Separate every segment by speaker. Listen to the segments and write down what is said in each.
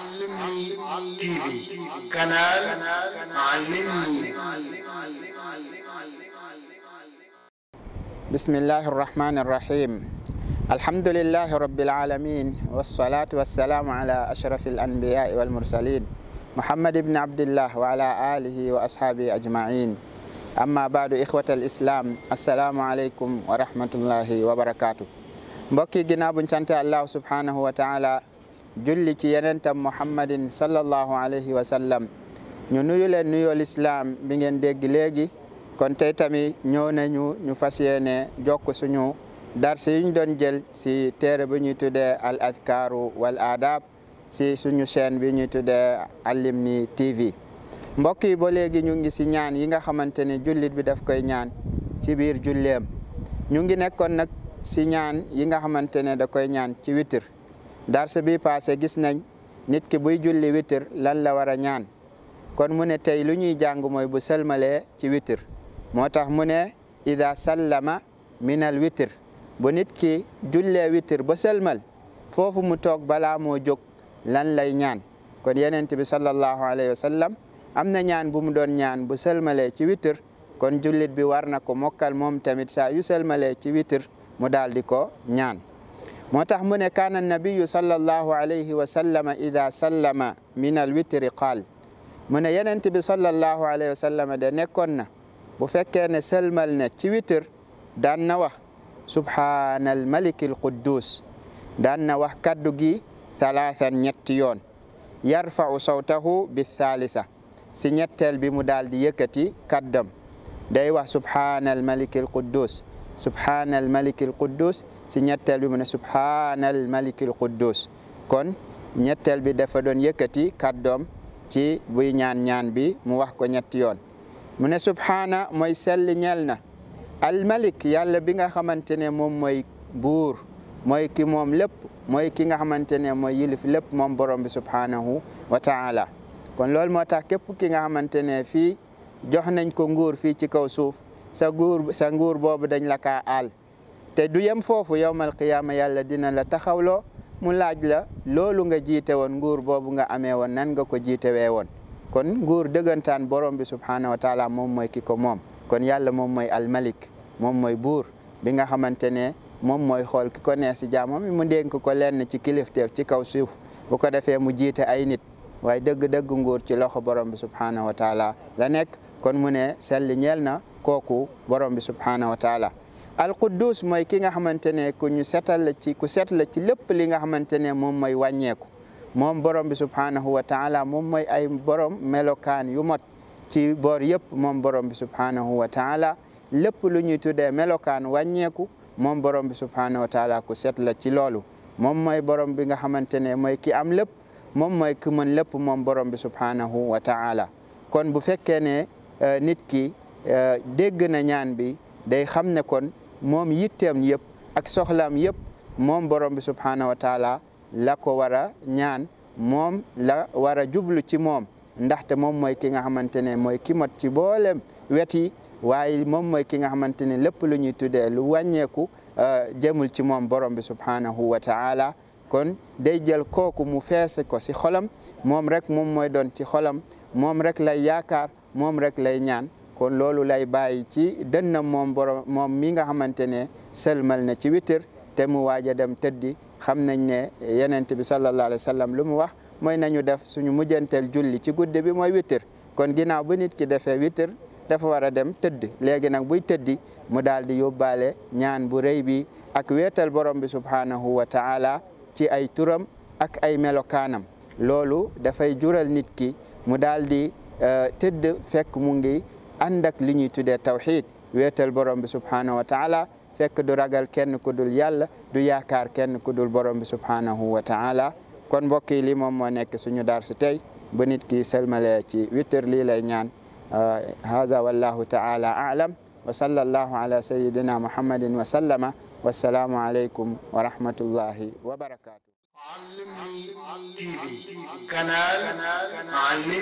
Speaker 1: علمني تي في قناه علمني بسم الله الرحمن الرحيم الحمد لله رب العالمين والصلاة والسلام على أشرف الأنبياء والمرسلين محمد بن عبد الله وعلى آله وأصحابه أجمعين أما بعد إخوة الإسلام السلام عليكم ورحمة الله وبركاته بكي جناب ginnaaw الله سبحانه وتعالى julli ci yenentam muhammadin sallallahu alayhi wa sallam ñu nuyu leen nuyoo lislaam bi ngeen dégg léegi kon tey tami ñëw nañu ñu fas yéene jokk suñu si ñu doon jël si téere bi ñuy tuddee al adkaaru wal si suñu chaîne bi ñuy tuddee Alimni TV mbokk yi ba léegi ñu ngi si ñaan yi nga xamante ni jullit bi daf koy ñaan ci biir julleem ñu ngi nekkoon nag si ñaan yi nga xamante ne da koy ñaan ci witir darse bi passé gis nañ nit ki buy julli witir lan la war a ñaan kon mu ne tey lu ñuy jàng mooy bu sëlmalee ci witir moo tax mu ne ida sallama minal witir bu nit ki jullee witir ba selmal foofu mu toog balaa moo jóg lan lay ñaan kon yonent bi sallallahu alayhi wa am na ñaan bu mu doon ñaan bu sëlmalee ci witir kon jullit bi war na ko mokkal moom tamit saa yu sëlmalee ci witir mu daal di ko ñaan moo tax mu ne kaana annabiyu sallallahu alayhi wa sallama ida sallama min al witri qaal mu ne yenent bi sallallahu alayhi wa sallama de nekkoon na bu fekkee ne sëlmal ne ci witr daan na wax subhaanal malikil quddus daan na wax kaddu gi talaatan ñetti yoon yarfa'u sawtahu bi thaalisa si ñetteel bi mu daal di yëkkati kaddam day wax subhaanal malikil quddus subhaanal malikil quddus Sinyat ñetteel bi mu ne subhaanal malikil quddus kon ñetteel bi dafa doon yëkëti kaddom ci buy ñaan ñaan bi mu wax ko ñett yoon mu ne subhana moy sel ñelna al malik yalla bi nga xamantene mom moy bur moy ki mom lepp moy ki nga xamantene moy yilif lepp mom borom bi subhanahu wa taala kon lol moo tax képp ki nga xamantene fi jox nañ ko nguur fi ci kaw suuf sa nguur sa nguur bobu dañ la ka al te du yem foofu yowmal qiyaama yàlla dina la taxawloo mu laaj la loolu nga jiite woon nguur boobu nga amee woon nan nga ko jiitewee woon kon nguur dëggantaan borom bi subhaanahu wa taala moom mooy ki ko moom kon yàlla moom mooy almalik moom mooy buur bi nga xamante ne moom mooy xool ki ko neex si jaamam mu dénk ko lenn ci kilifteef ci kaw suuf bu ko defee mu jiite ay nit waaye dëgg-dëgg nguur ci loxo borom bi subhaanahu wa taala la nekk kon mu ne sell ñeel na kooku borom bi subhaanahu wa taala alquddus mooy ki nga xamante ne ku ñu setal ci ku set la ci lépp li nga xamante ne moom mooy wàññeeku moom borom bi subhaanahu wa taala moom mooy ay borom melokaan yu mot ci bor yëpp moom borom bi subhaanahu wa taala lépp lu ñuy tuddee melokaan wàññeeku moom borom bi subhaanahu wa taala ku set la ci loolu moom mooy borom bi nga xamante ne mooy ki am lépp moom mooy ki mën lépp moom borom bi subhaanahu wa taala kon bu fekkee ne euh, nit ki euh, dégg na bi day xam ne kon moom yitteem yëpp ak soxlaam yëpp moom borom bi subhaanahu wa taala la ko war a ñaan moom la war a jublu ci moom ndaxte moom mooy ki nga xamante ne mooy ki mot ci boolem wet yi waaye moom mooy ki nga xamante ne lépp lu ñuy tuddee lu wàññeeku euh, jëmul ci moom borom bi subhaanahu wa taala kon day jël kooku mu feese ko si xolam moom rek moom mooy doon ci xolam moom rek lay yaakaar moom rek lay ñaan kon loolu lay bàyyi ci dënnam moom borom moom mi nga xamante ne sëlmal na ci witir te mu waaj a dem tëddi xam nañ ne yenent bi sallallahu alayhi wa sallam lu mu wax mooy nañu def suñu mujjanteel julli ci guddi bi mooy witir kon ginnaaw bu nit ki defee witir dafa war a dem tëdd léegi nag buy tëddi mu daal di yóbbaale ñaan bu rëy bi ak weetal borom bi subhanahu wa taala ci ay turam ak ay melokaanam loolu dafay jural nit ki mu daal di euh, tëdd fekk mu ngi ànd ak li ñuy tuddee tawxiid wéetal borom bi subhaanahu wa taala fekk du ragal kenn ku dul yàlla du yaakaar kenn ku dul borom bi subhaanahu wa taala kon mbokk yi lii moom moo nekk suñu dar si tey ba nit ki selmalee ci witr lii lay ñaan hada wallahu taala aalam wa sallallahu ala sayidina muhammadin wa sallama wassalaamu aleykum wa rahmatullahi wa barakatuh علمني تي في قناه علمني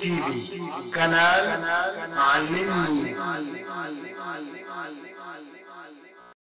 Speaker 1: TV. Canal. Alimni.